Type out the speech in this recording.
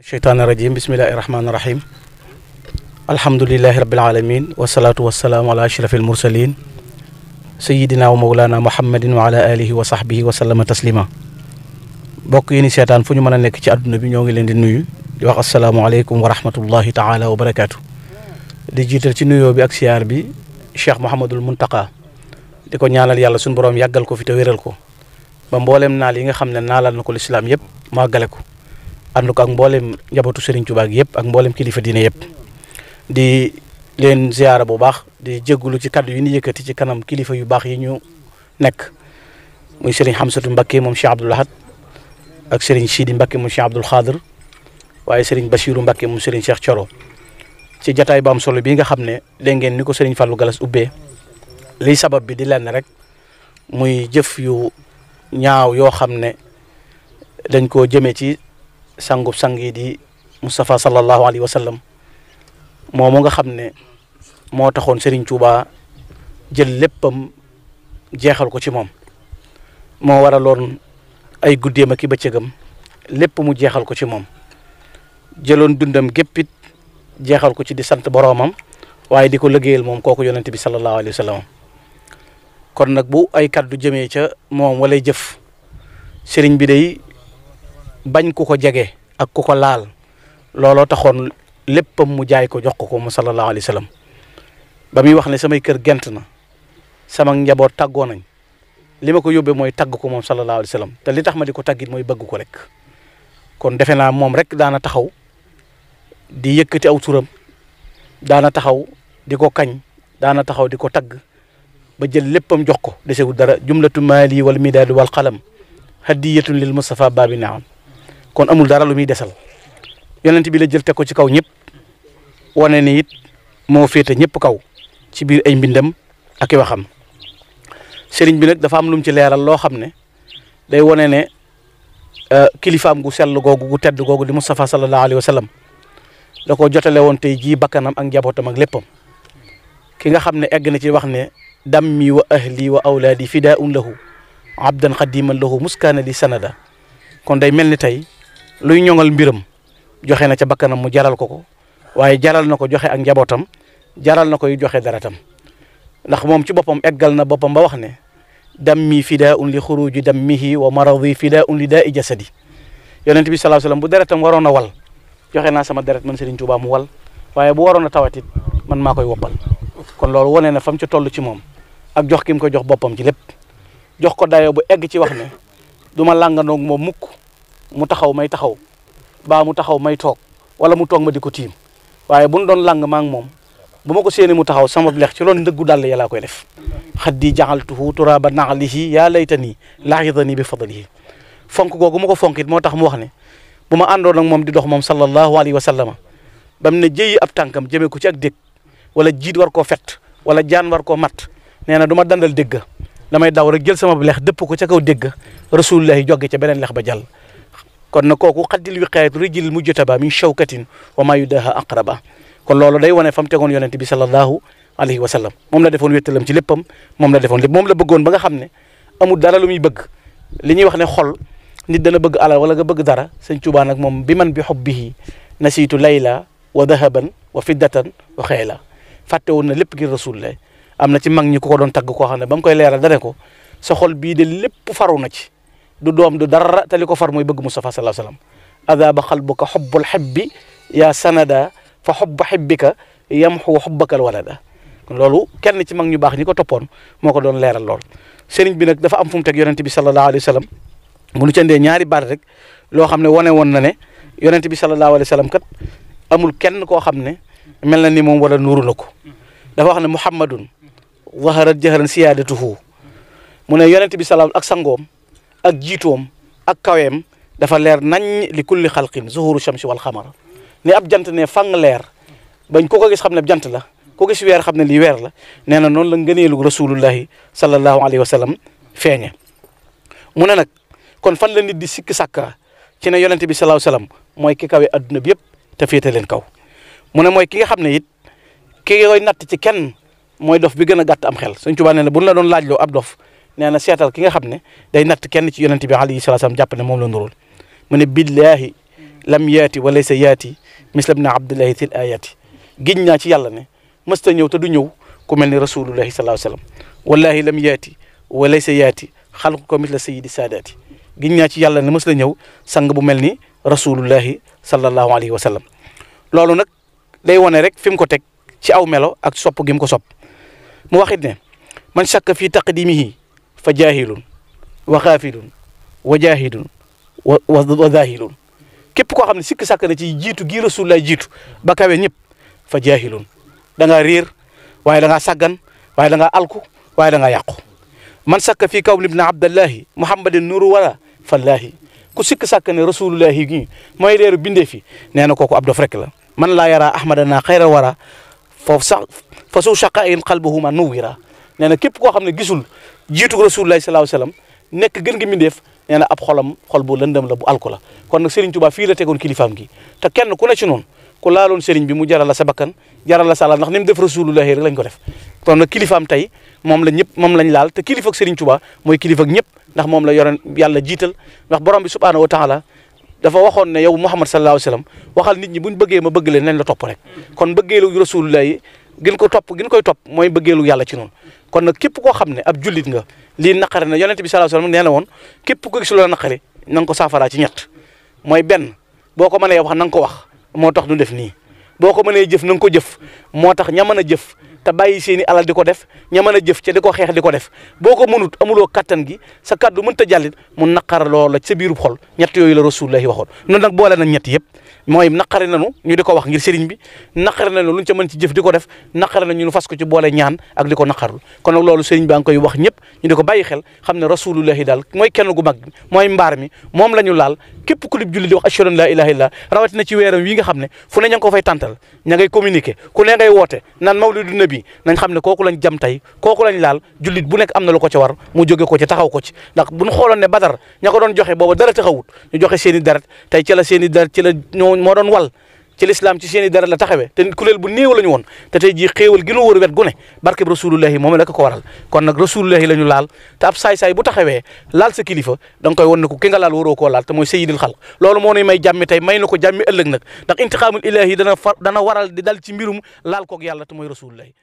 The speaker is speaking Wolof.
الشيطان الرجيم بسم الله الرحمن الرحيم الحمد لله رب العالمين والصلاة والسلام على أشرف المرسلين سيدنا ومولانا محمد وعلى آله وصحبه وسلم تسليما bokk yi ni seetaan fu ñu mën a nekk ci àdduna bi ñoo ngi leen di nuyu di wax asalaamualeykum wa rahmatullahi taala wa barakaatu di jiital ci nuyoo bi ak siyaar bi cheikh Mouhamadul Muntaqa di ko ñaanal yàlla suñu borom yàggal ko fi te wéral ko ba mbooleem naal yi nga xam ne naalal na ko lislaam yëpp màggale ko ànd ko ak mboolem njabootu Serigne Touba gi yëpp ak mboolem kilifa diine yëpp di leen ziara bu baax di jégalu ci kaddu yi ni yëkkati ci kanam kilifa yu baax yi ñu nekk muy Serigne Hamsatu Mbakke moom Cheikh Abdoul Ahad ak Serigne Sidi Mbakke moom Cheikh Abdoul Khadir waaye Serigne Bassirou Mbakke moom Serigne Cheikh Thioro ci jataay bu solo bii nga xam ne dégg ngeen ni ko Serigne Fallou Galas ubbee liy sabab bi di lenn rek muy jëf yu ñaaw yoo xam ne dañ koo jëmee ci. Sanggup sangi di Mustafa sallallahu Alaihi Wasallam. momo moomu nga xamne mo taxone Serigne Touba jël leppam jeexal ko ci moom moo waraloon ay guddeem ak mu jeexal ko ci mom jëloon dundam geppit jeexal ko ci di sante boromam waye di ko liggéeyal mom kooku yonent bi sallallahu Alaihi Wasallam. kon nak bu ay kaddu jëme ca mom walay jëf serigne bi day bañ ko ko jégué ak kuko laal lolo taxone léppam mu jaay ko jox ko ko mu sallallahu alayhi wasallam bamuy wax ne samay keur gent na sama njaboot taggo nañ limako yobbe moy yóbbee tagg ko mom sallallahu alayhi wasallam te li tax ma diko taggit mooy ko rek kon defena mom rek dana taxaw di yëkkati aw turam dana taxaw diko kagn dana taxaw diko tagg ba jël léppam jox ko desewu dara jumlatu mali wal midad wal qalam hadiyatun lil Mustafa babina naam kon amul dara lu muy desal yonent bi la jël teg ko ci kaw ñëpp wane ni it moo féete ñëpp kaw ci biir ay mbindam ak waxam sëriñ bi nag dafa am lum ci leeral loo xam ne day wane ne euh, kilifaam gu sell googu gu tedd googu di Moustapha sallallahu alayhi wa sallam da ko jotale woon tey jii bakkanam ak njabootam ak léppam ki nga xam ne egg na ci wax ne dammi wa ahli wa awlaadi fidaa un lahu abdan xadiman lahu muskaana li sanada kon day mel ni tey luy ñongal mbiram joxe na ca bakkanam mu jaral koko, ko jaral noko ko joxe ak njabotam jaral na koy joxe daratam ndax mom ci bopam eggal na bopam ba wax ne dammi fidaun li khuruj dammihi wa maradhi fidaun li da'i jasadi yonent bi salaa wasallam bu deretam waroon wal joxe na sama deret man Serigne Touba mu wal waye bu warona tawatit man makoy wopal kon lolu wane na fam ci tollu ci mom ak jox kim ko jox bopam ci lepp jox ko dayo bu egg ci wax ne duma langano mom mukk mu taxaw may taxaw baa mu taxaw may toog wala mu toog ma di ko tiim waaye bu nu doon lang maa moom bu ma ko séenee mu taxaw sama lex ci loolu ndëggu dàll yàllaa koy def xaddi jaxaltuhu turaaba naxlihi yaa laytani laxidani bi fadlihi fonk googu ma ko fonk moo tax mu wax ne bu ma àndoon ak moom di dox moom sallallahu alayhi wa sallama ba mu ne jëyi ab tànkam jëmee ko ci ak dégg wala jiit war koo fet wala jaan war koo mat nee na du ma dandal dégg damay daw rek jël sama lex dëpp ko ca kaw dégg rasulullahi jogge ca beneen lex ba jàll kon na kooku wi wiqaayat rijil mujtaba min shawkatin wa maa yudaha aqraba kon lolo day wone fam tegon yonent bi sallallahu alayhi wa sallam moom la defon wetalam ci léppam mom la defon mom la beggon ba nga xamne amu dara lu muy bëgg li ñi wax ne xol nit dana bëgg ala wala nga bëgg dara sëñ Tuubaa nak mom bi man bi xubbihi nasitu layla wa dhahaban wa fiddatan wa khayla fàtte won na lépp gi rasul la amna ci mag ñi ku ko doon tag ko xamne bam ba mu koy leeral dane ko sa xol bi de lépp faru na ci du dom du dara te li far moy beug mustafa sallallahu alaihi wasallam sallam adaaba hubbul xubbul ya sanada fa xubbu xibbika yamhu xubbakal alwalada lolou kenn ci mag ñu baax ñi ko toppoon moo ko doon leeral bi nag dafa am fu mu teg bi sallallahu alayhi wa mu nu cëndee ñaari baat rek loo xam ne wane na ne yonente bi sallallahu alayhi wa kat amul kenn koo xam ne ni moom wala nuuru na dafa wax muhammadun zaharat jaharan siyaadatuhu mu ne yonente bi salaam ak sangoom ak jitom ak kawem dafa leer nañ li kulli khalqin zuhuru shamsi wal khamar ni ab jant ne fang leer bañ ko ko gis xamne jant la ko gis weer xamne li weer la neena non la ngeenelu rasulullah sallallahu alaihi wasallam feñe mune nak kon fan la nit di sikki sàkka ci ne yonente bi sallallahu alaihi wasallam moy ki kawe aduna bi yëpp ta fete len kaw mune moy ki nga xamne ne it ki koy nat ci kenn moy dof bi gëna gàtt am xel Sëñ tuba ne na buñ la doon laaj lo ab dof neena setal ki nga xamne day nat kenn ci yonent bi alayhi salaam jàpp ne moom la ndurul mune billahi lam yati wa laysa yati misla bna abdullahi til ayati giñna ci yàlla ne musta ñëw te du ñëw ku melni ni rasulullahi salaa sallam wallahi lam yaati wa laysa yaati xalqu ko misla sayidi saadaati ci yàlla ne mës ñëw sang bu mel ni sallallahu alayhi wa sallam loolu day wone rek fi ko teg ci aw melo ak sopp gi ko sopp mu waxit ne man shakka fii taqdimihi fa jaahilun wa xaafilun wa jaahilun wa wa zaahilun képp koo xam ne sikk sakk na ci jiitu gii rasulullaay jiitu ba kawe ñëpp fa jaahilun da ngaa réer waaye da ngaa sàggan waaye da ngaa alku waaye da ngaa man sakka fii kaw libna abdallahi muhammadin nuru wala fallahi ku sikk sàkk ne rasulullahi gi mooy leeru bindee fi nee na kooku ab dof rek la man laa yara ahmadana xayra wara foofu sax fa su shaqa in qalbuhuma nuwira nee na képp koo xam ne gisul jiitu rasulullahi sallallahu alayhi wasallam nekk gën gi mindeef nee na ab xolam xol bu lëndëm la bu alku la kon nag Serigne Touba fii la tegoon kilifaam gi te kenn ku ne ci noonu ku laaloon Serigne bi mu jaral la sa bakkan jaral la sa alal ndax ni mu def rasulullahi la lañ ko def kon nag kilifaam tey moom la ñëpp moom lañ laal te kilifa ak Serigne Touba mooy kilifa ñëpp ndax moom la yoroon yàlla jiital ndax borom bi subhanahu wa taala dafa waxoon ne yow Muhammad sallallahu alayhi wasallam waxal nit ñi buñ bëggee ma bëgg le nañ la topp rek kon bëggee lu rasulullahi gën ko top, gën koy top moy bëggelu yalla ci noonu kon nak képp ko xam ab julit nga li naqari na yonent bi sallallahu alayhi wasallam nee won woon képp ko gis loola naqari nang ko safara ci ñett moy ben boko ko wax na ko wax mo tax du def ni boko ko jëf na ko jëf mo tax ña mëna jëf ta bayyi seeni alal diko def ña mëna jëf ci diko xex diko def boko mënut amulo katan gi sa mën ta jallit mu naqar loola ci biiru xol ñett yoy la rasulullahi waxoon boole ñett yépp mooy naqare nañu ñu di ko wax ngir sëriñ bi naqare nañu luñ ca ci jëf di ko def naqare nañu ñu fas ko ci boole ñaan ak di ko naqarlu kon nag loolu sëriñ baa ngi koy wax ñëpp ñu di ko bàyyi xel xam ne rasulullahi daal mooy kenn gu mag mooy mbaar mi moom la ñu laal képp ku lib julli di wax ashhadu an la ilaha illallah rawati na ci weeram wi nga xam ne fu ne ña ngi ko fay tàntal ña ngay ku woote naan mawlidu nabi nañ xam ne kooku lañ jam tey kooku lañ laal jullit bu nekk am na lu ko war mu jóge ko ci taxaw ko ci ndax buñ xooloon ne badar ña doon joxe booba dara taxawut ñu seen i deret moo moo doon wal ci lislaam ci seen i dara la taxawee te kuréel bu néew la ñu woon te tey jii xéewal gi nu wër wet gu ne barkeb rasulullahi moom la ko ko waral kon nag rasulullahi la ñu laal te ab saay-saay bu taxawee laal sa kilifa da nga koy won ne ko ki nga laal waroo koo laal te mooy sayyidil xalq loolu moo nuy may jàmmi tey may na ko jàmmi ëllëg nag ndax intiqaamul dana waral di dal ci mbirum laal koog yàlla te mooy rasulullahi